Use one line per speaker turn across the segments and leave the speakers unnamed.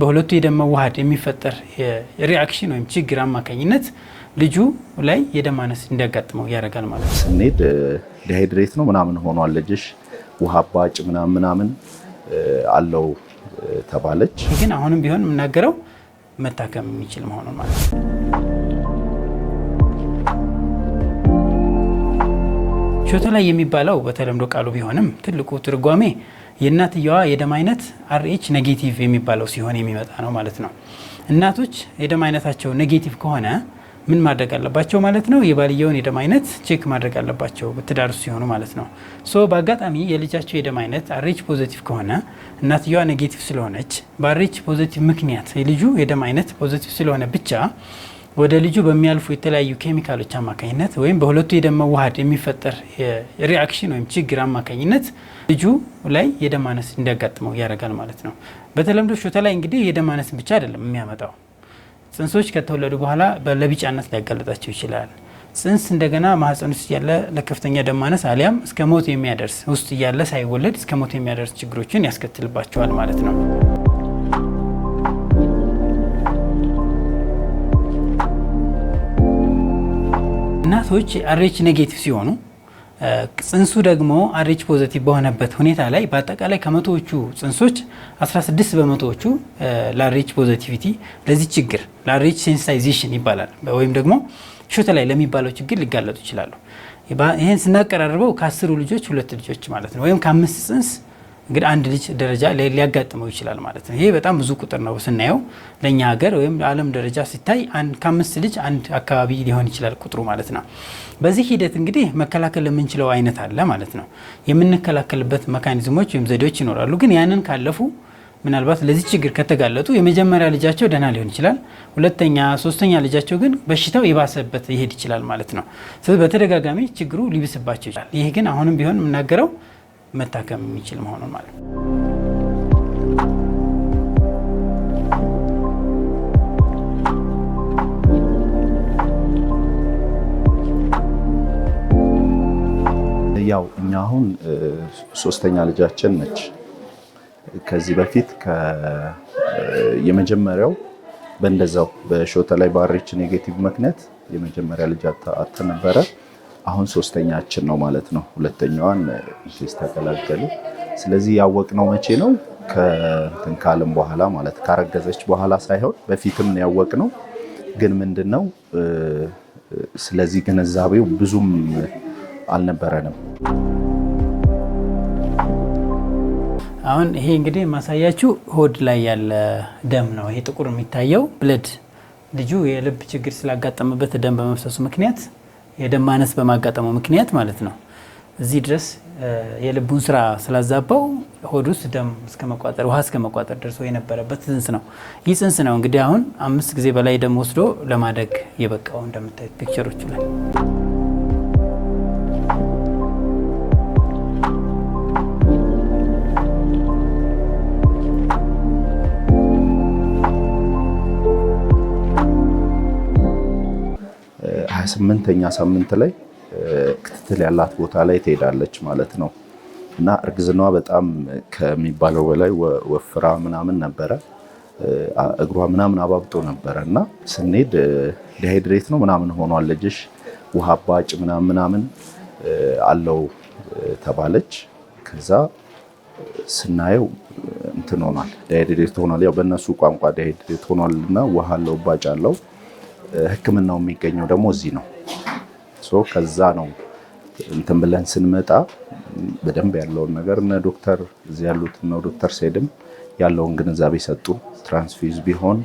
በሁለቱ የደም መዋሃድ የሚፈጠር ሪአክሽን ወይም ችግር አማካኝነት ልጁ ላይ የደም ማነስ እንዲያጋጥመው ያደርጋል ማለት
ነው። ስንሄድ ዲሃይድሬት ነው ምናምን ሆኗል ልጅሽ ውሃ ባጭ ምናምን ምናምን አለው ተባለች።
ግን አሁንም ቢሆን የምናገረው መታከም የሚችል መሆኑን ማለት ነው። ሾቶ ላይ የሚባለው በተለምዶ ቃሉ ቢሆንም ትልቁ ትርጓሜ የእናትየዋ የደም አይነት አርኤች ኔጌቲቭ የሚባለው ሲሆን የሚመጣ ነው ማለት ነው። እናቶች የደም አይነታቸው ኔጌቲቭ ከሆነ ምን ማድረግ አለባቸው ማለት ነው? የባልየውን የደም አይነት ቼክ ማድረግ አለባቸው ትዳርሱ ሲሆኑ ማለት ነው። ሶ በአጋጣሚ የልጃቸው የደም አይነት አሬች ፖዘቲቭ ከሆነ እናትየዋ ኔጌቲቭ ስለሆነች በአሬች ፖዘቲቭ ምክንያት የልጁ የደም አይነት ፖዘቲቭ ስለሆነ ብቻ ወደ ልጁ በሚያልፉ የተለያዩ ኬሚካሎች አማካኝነት ወይም በሁለቱ የደም መዋሃድ የሚፈጠር ሪአክሽን ወይም ችግር አማካኝነት ልጁ ላይ የደም ማነስ እንዲያጋጥመው ያደርጋል ማለት ነው። በተለምዶ ሾተ ላይ እንግዲህ የደም ማነስን ብቻ አይደለም የሚያመጣው፣ ጽንሶች ከተወለዱ በኋላ ለቢጫነት ሊያጋለጣቸው ይችላል። ጽንስ እንደገና ማህፀን ውስጥ ያለ ለከፍተኛ ደም ማነስ አሊያም እስከ ሞት የሚያደርስ ውስጥ እያለ ሳይወለድ እስከ ሞት የሚያደርስ ችግሮችን ያስከትልባቸዋል ማለት ነው። እናቶች አሬች ኔጌቲቭ ሲሆኑ ጽንሱ ደግሞ አሬች ፖዘቲቭ በሆነበት ሁኔታ ላይ በአጠቃላይ ከመቶዎቹ ጽንሶች 16 በመቶዎቹ ለአሬች ፖዘቲቪቲ ለዚህ ችግር ለአሬች ሴንሳይዜሽን ይባላል ወይም ደግሞ ሾተ ላይ ለሚባለው ችግር ሊጋለጡ ይችላሉ። ይህን ስናቀራርበው ከአስሩ ልጆች ሁለት ልጆች ማለት ነው ወይም ከአምስት ጽንስ እንግዲህ አንድ ልጅ ደረጃ ሊያጋጥመው ይችላል ማለት ነው። ይሄ በጣም ብዙ ቁጥር ነው ስናየው ለእኛ ሀገር ወይም ለዓለም ደረጃ ሲታይ ከአምስት ልጅ አንድ አካባቢ ሊሆን ይችላል ቁጥሩ ማለት ነው። በዚህ ሂደት እንግዲህ መከላከል የምንችለው አይነት አለ ማለት ነው። የምንከላከልበት መካኒዝሞች ወይም ዘዴዎች ይኖራሉ። ግን ያንን ካለፉ ምናልባት ለዚህ ችግር ከተጋለጡ የመጀመሪያ ልጃቸው ደህና ሊሆን ይችላል። ሁለተኛ፣ ሶስተኛ ልጃቸው ግን በሽታው የባሰበት ይሄድ ይችላል ማለት ነው። ስለዚህ በተደጋጋሚ ችግሩ ሊብስባቸው ይችላል። ይህ ግን አሁንም ቢሆን የምናገረው መታከም የሚችል መሆኑን ማለት ነው።
ያው እኛ አሁን ሶስተኛ ልጃችን ነች። ከዚህ በፊት የመጀመሪያው በእንደዛው በሾተ ላይ ባሬች ኔጌቲቭ ምክንያት የመጀመሪያ ልጅ አተነበረ ነበረ። አሁን ሶስተኛችን ነው ማለት ነው። ሁለተኛዋን ኢንኬዝ ተገላገሉ። ስለዚህ ያወቅነው መቼ ነው? ከእንትን ካልን በኋላ ማለት ካረገዘች በኋላ ሳይሆን በፊትም ነው ያወቅነው። ግን ምንድን ነው ስለዚህ ግንዛቤው ብዙም አልነበረንም።
አሁን ይሄ እንግዲህ ማሳያችሁ ሆድ ላይ ያለ ደም ነው። ይሄ ጥቁር የሚታየው ብለድ ልጁ የልብ ችግር ስላጋጠመበት ደም በመፍሰሱ ምክንያት የደም ማነስ በማጋጠመው ምክንያት ማለት ነው እዚህ ድረስ የልቡን ስራ ስላዛባው ሆድ ውስጥ ደም እስከ መቋጠር ውሃ እስከመቋጠር ደርሶ የነበረበት ጽንስ ነው። ይህ ጽንስ ነው እንግዲህ አሁን አምስት ጊዜ በላይ ደም ወስዶ ለማደግ የበቃው እንደምታዩት ፒክቸሮች ላይ
ከስምንተኛ ሳምንት ላይ ክትትል ያላት ቦታ ላይ ትሄዳለች ማለት ነው እና እርግዝናዋ በጣም ከሚባለው በላይ ወፍራ ምናምን ነበረ። እግሯ ምናምን አባብጦ ነበረ እና ስንሄድ ዲሃይድሬት ነው ምናምን ሆኗል ልጅሽ ውሃ አባጭ ምናምን ምናምን አለው ተባለች። ከዛ ስናየው እንትን ሆኗል ዲሃይድሬት ሆኗል። ያው በእነሱ ቋንቋ ዲሃይድሬት ሆኗል እና ውሃ አለው አባጭ አለው ህክምናው የሚገኘው ደግሞ እዚህ ነው። ከዛ ነው እንትን ብለን ስንመጣ በደንብ ያለውን ነገር እነ ዶክተር እዚህ ያሉት ነው ዶክተር ሴድም ያለውን ግንዛቤ ሰጡ። ትራንስፊውዝ ቢሆን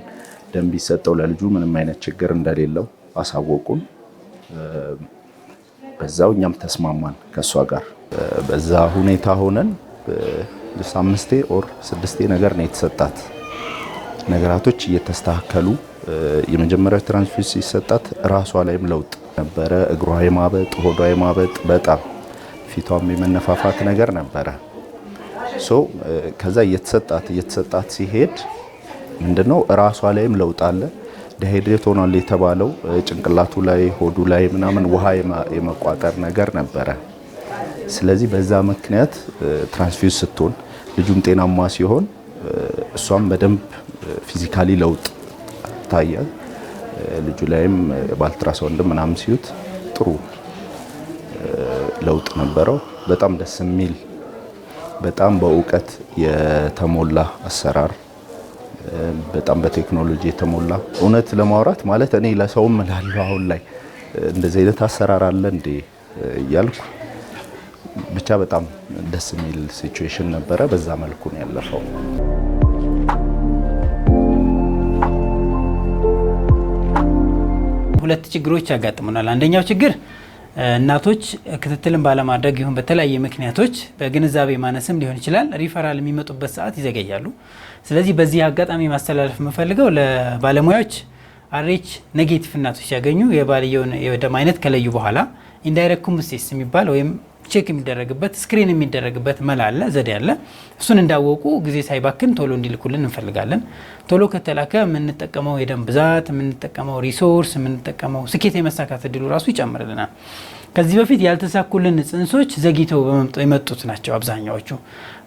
ደም ቢሰጠው ለልጁ ምንም አይነት ችግር እንደሌለው አሳወቁን። በዛው እኛም ተስማማን ከእሷ ጋር። በዛ ሁኔታ ሆነን አምስቴ ኦር ስድስቴ ነገር ነው የተሰጣት። ነገራቶች እየተስተካከሉ የመጀመሪያው ትራንስፊስ ሲሰጣት ራሷ ላይም ለውጥ ነበረ። እግሯ የማበጥ ሆዷ የማበጥ በጣም ፊቷም የመነፋፋት ነገር ነበረ። ሶ ከዛ እየተሰጣት እየተሰጣት ሲሄድ ምንድነው ራሷ ላይም ለውጥ አለ። ዲሃይድሬት ሆኗል የተባለው ጭንቅላቱ ላይ ሆዱ ላይ ምናምን ውሃ የመቋጠር ነገር ነበረ። ስለዚህ በዛ ምክንያት ትራንስፊውዝ ስትሆን ልጁም ጤናማ ሲሆን እሷም በደንብ ፊዚካሊ ለውጥ ታየ። ልጁ ላይም ወንድም ምናምን ሲዩት ጥሩ ለውጥ ነበረው። በጣም ደስ የሚል በጣም በእውቀት የተሞላ አሰራር፣ በጣም በቴክኖሎጂ የተሞላ እውነት ለማውራት ማለት እኔ ለሰውም እላለሁ አሁን ላይ እንደዚህ አይነት አሰራር አለ እንዴ እያልኩ ብቻ በጣም ደስ የሚል ሲቹዌሽን ነበረ። በዛ መልኩ ነው ያለፈው።
ሁለት ችግሮች ያጋጥሙናል። አንደኛው ችግር እናቶች ክትትልን ባለማድረግ ይሁን በተለያየ ምክንያቶች በግንዛቤ ማነስም ሊሆን ይችላል ሪፈራል የሚመጡበት ሰዓት ይዘገያሉ። ስለዚህ በዚህ አጋጣሚ ማስተላለፍ የምፈልገው ለባለሙያዎች አሬች ኔጌቲቭ እናቶች ሲያገኙ የባልየውን የደም አይነት ከለዩ በኋላ ኢንዳይሬክት ኩምሴስ የሚባል ወይም ቼክ የሚደረግበት ስክሪን የሚደረግበት መላ አለ፣ ዘዴ አለ። እሱን እንዳወቁ ጊዜ ሳይባክን ቶሎ እንዲልኩልን እንፈልጋለን። ቶሎ ከተላከ የምንጠቀመው የደም ብዛት፣ የምንጠቀመው ሪሶርስ፣ የምንጠቀመው ስኬት የመሳካት እድሉ ራሱ ይጨምርልናል። ከዚህ በፊት ያልተሳኩልን ጽንሶች ዘግይተው የመጡት ናቸው አብዛኛዎቹ።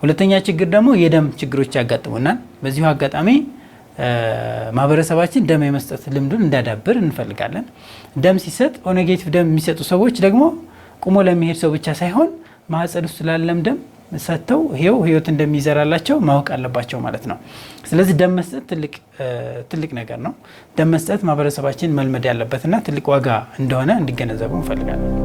ሁለተኛ ችግር ደግሞ የደም ችግሮች ያጋጥሙናል። በዚሁ አጋጣሚ ማህበረሰባችን ደም የመስጠት ልምዱን እንዳዳብር እንፈልጋለን። ደም ሲሰጥ ኦኔጌቲቭ ደም የሚሰጡ ሰዎች ደግሞ ቁሞ ለሚሄድ ሰው ብቻ ሳይሆን ማህፀን ውስጥ ላለም ደም ሰጥተው ይሄው ህይወት እንደሚዘራላቸው ማወቅ አለባቸው ማለት ነው። ስለዚህ ደም መስጠት ትልቅ ነገር ነው። ደም መስጠት ማህበረሰባችን መልመድ ያለበትና ትልቅ ዋጋ እንደሆነ እንዲገነዘቡ እንፈልጋለን።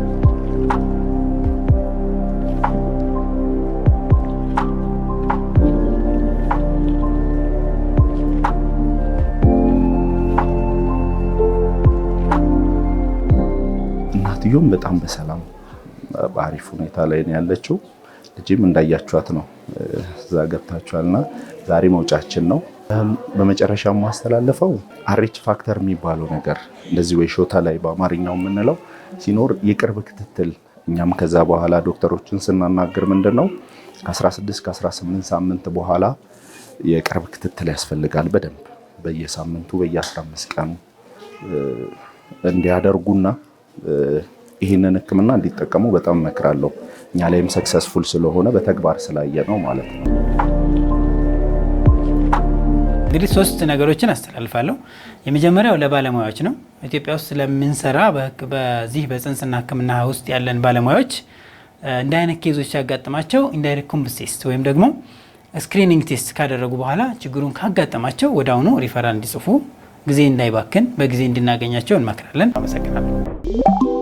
እናትዮም በጣም በሰላም በአሪፍ ሁኔታ ላይ ነው ያለችው። ልጅም እንዳያችኋት ነው እዛ ገብታችኋልና ዛሬ መውጫችን ነው። በመጨረሻ የማስተላለፈው አሬች ፋክተር የሚባለው ነገር እንደዚህ ወይ ሾታ ላይ በአማርኛው የምንለው ሲኖር የቅርብ ክትትል እኛም ከዛ በኋላ ዶክተሮችን ስናናግር ምንድን ነው ከ16 ከ18 ሳምንት በኋላ የቅርብ ክትትል ያስፈልጋል። በደንብ በየሳምንቱ በየ15 ቀኑ እንዲያደርጉና ይህንን ህክምና እንዲጠቀሙ በጣም እመክራለሁ። እኛ ላይም ሰክሰስፉል ስለሆነ በተግባር ስላየ ነው ማለት ነው።
እንግዲህ ሶስት ነገሮችን አስተላልፋለሁ። የመጀመሪያው ለባለሙያዎች ነው። ኢትዮጵያ ውስጥ ስለምንሰራ በዚህ በጽንስና ህክምና ውስጥ ያለን ባለሙያዎች እንደ አይነት ኬዞች ሲያጋጥማቸው ኢንዳይሬክት ኩምብስ ቴስት ወይም ደግሞ ስክሪኒንግ ቴስት ካደረጉ በኋላ ችግሩን ካጋጠማቸው ወደ አሁኑ ሪፈራል እንዲጽፉ ጊዜ እንዳይባክን በጊዜ እንድናገኛቸው እንመክራለን። አመሰግናለሁ።